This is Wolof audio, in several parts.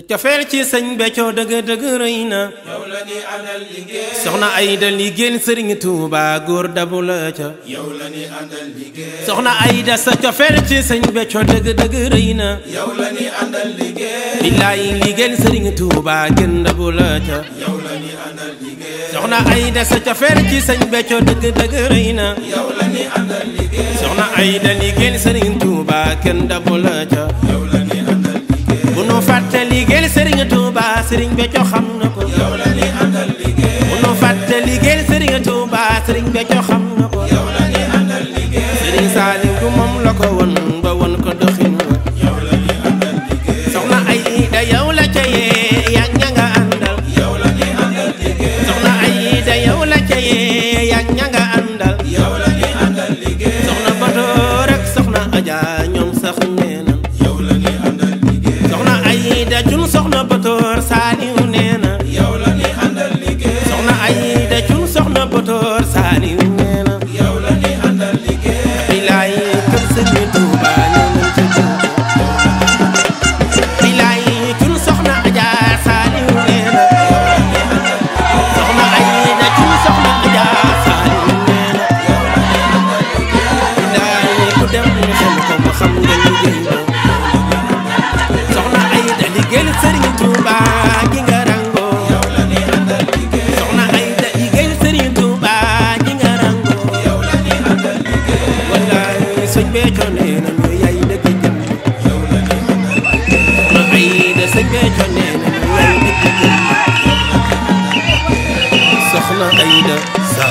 sa cofeel ci sëñ Béthio dëgg dëgg rëy na yow la ni àndal liggéey soxna Ayda liggéey sëriñ Tuuba góor dabu la ca yow la ni àndal liggéey soxna Ayda sa cofeel ci sëñ Béthio dëgg dëgg rëy na yow la ni àndal liggéey billaay liggéey sëriñ Tuuba gën dabu la ca yow la ni àndal liggéey soxna Ayda sa cofeel ci sëñ Béthio dëgg dëgg rëy na yow la ni àndal liggéey soxna Ayda liggéey sëriñ Tuuba kenn dabu la ca sëriñ Béthio xam na ko yow la ni àndal liggéey bu nu fàtte liggéey sëriñ Touba sëriñ Béthio xam the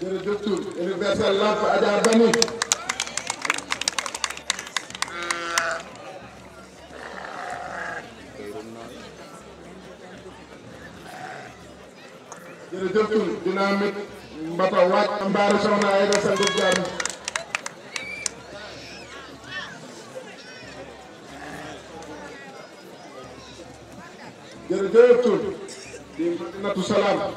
jërëjëf docteur universel lamp Adja Bani jërëjëf tur dinaa mit mbata waaj mbaaru soxna ay da sant jaar jërëjëf tur di natu salaam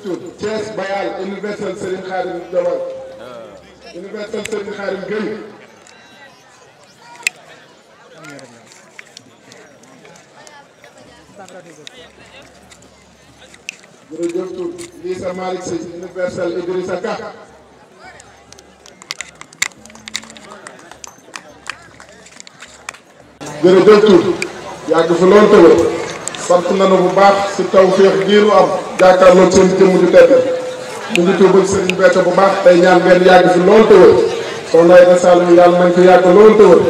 structure Thiès Bayal universel Serigne Khadim Jawal universel Serigne Khadim Gueye jërëjëf tur Lissa Malick Sy universel Idrissa Ka jërëjëf tur yàgg fa lool tëwal sant nañu bu baax si tawféex jiiru am jàkkaarloo seen jëmm ju tedd ñu ngi tuubal sëriñ Béthio bu baax day ñaan ngeen yàgg fi lool tëwër soxna Aïda Saliou yàlla nañ fi yàgg lool tëwër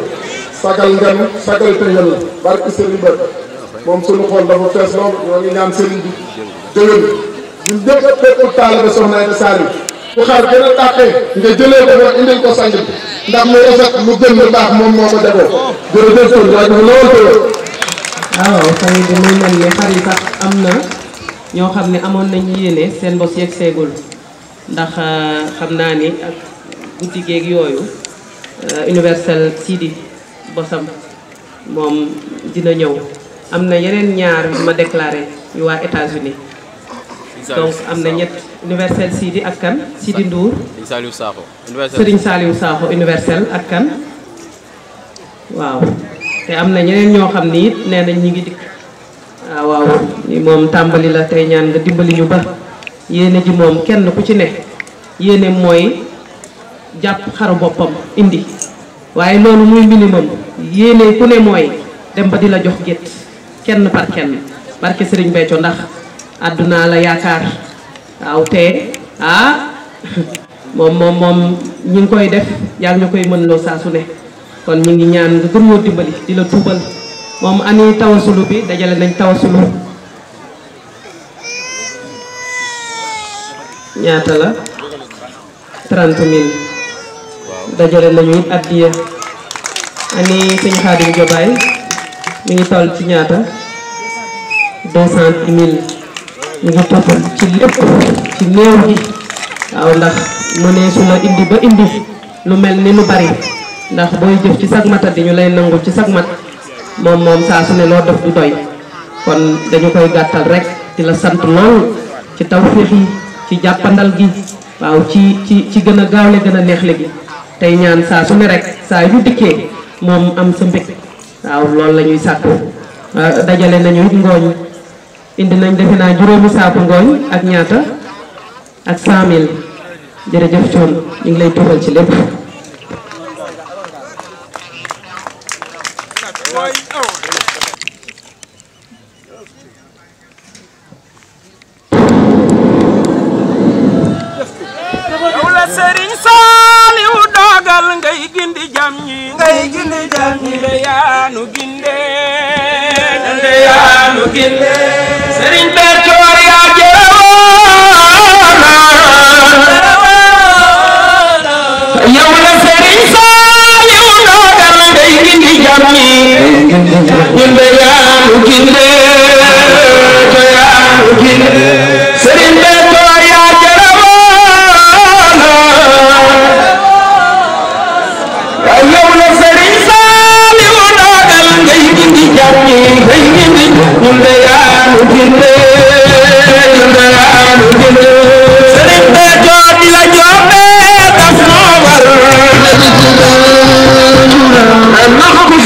sagal ngeen sagal te yéen barke sëriñ Béthio moom suñu xool dafa fees lool ñoo ngi ñaan sëriñ bi déwén ñun ñëpp bépp taalibe soxna Aïda Saliou bu xaar gën a tàqee nga jëlee ko ba indil ko sanjib ndax mu rafet mu gën lu baax moom moo ko defoo jërëjëf kon yàgg fi lool tëwër waaw xëy na muy mel ni xar am na ñoo xam ne amoon nañ yéene seen bos yeeg seegul ndax euh, xam naa ni ak guddi géeg yooyu euh, universel Sidi bosam moom dina ñëw am na yeneen ñaar ma déclaré yu waa États-Unis donc am na ñett universel Sidi ak kan Sidi Ndour Sëriñ Saaliw Saaxo universel ak kan waaw te am na ñeneen ñoo xam ni it nee nañ ñi ngi dikk ah, waaw waaw moom tàmbali la tey ñaan nga dimbali ñu ba yéene ji moom kenn ku ci ne yéene mooy jàpp xaru boppam indi waaye loolu muy minimum yéene ku ne mooy dem ba di la jox gétt kenn par kenn barke Sëriñ Béthio ndax àdduna la yaakaar waaw te ah moom moom moom ñi ngi koy def yaa ngi koy mën loo saa ne kon ñu ngi ñaan nga gën ñoo dimbali di la tubal mom ani tawasulu bi dajale nañ tawasulu ñaata la 30000 mille dajale nañu it addiya ani señ xadim jobay mi ngi tol ci ñaata 200000 ñu ngi toppal ci lepp ci neew gi aw ndax mu ne su la indi ba indi lu melni lu bari ndax booy jëf ci sag matat di ñu lay nangu ci sag mat moom moom saa su ne loo def du doy kon dañu koy gàttal rek di la sant lool ci tawféex yi ci jàppandal gi waaw ci ci ci gën a gaawle gën a neexle gi tey ñaan saa su ne rek saa yu dikkee moom am sa mbég waaw loolu la ñuy sàkku euh, dajale nañu it ngooñ indi nañ defe naa juróomi saaku ngooñ ak ñaata ak 100000 jërëjëf coon ñu ngi lay tuural ci lépp jam ñi ngay gindi jam ñi ونفخ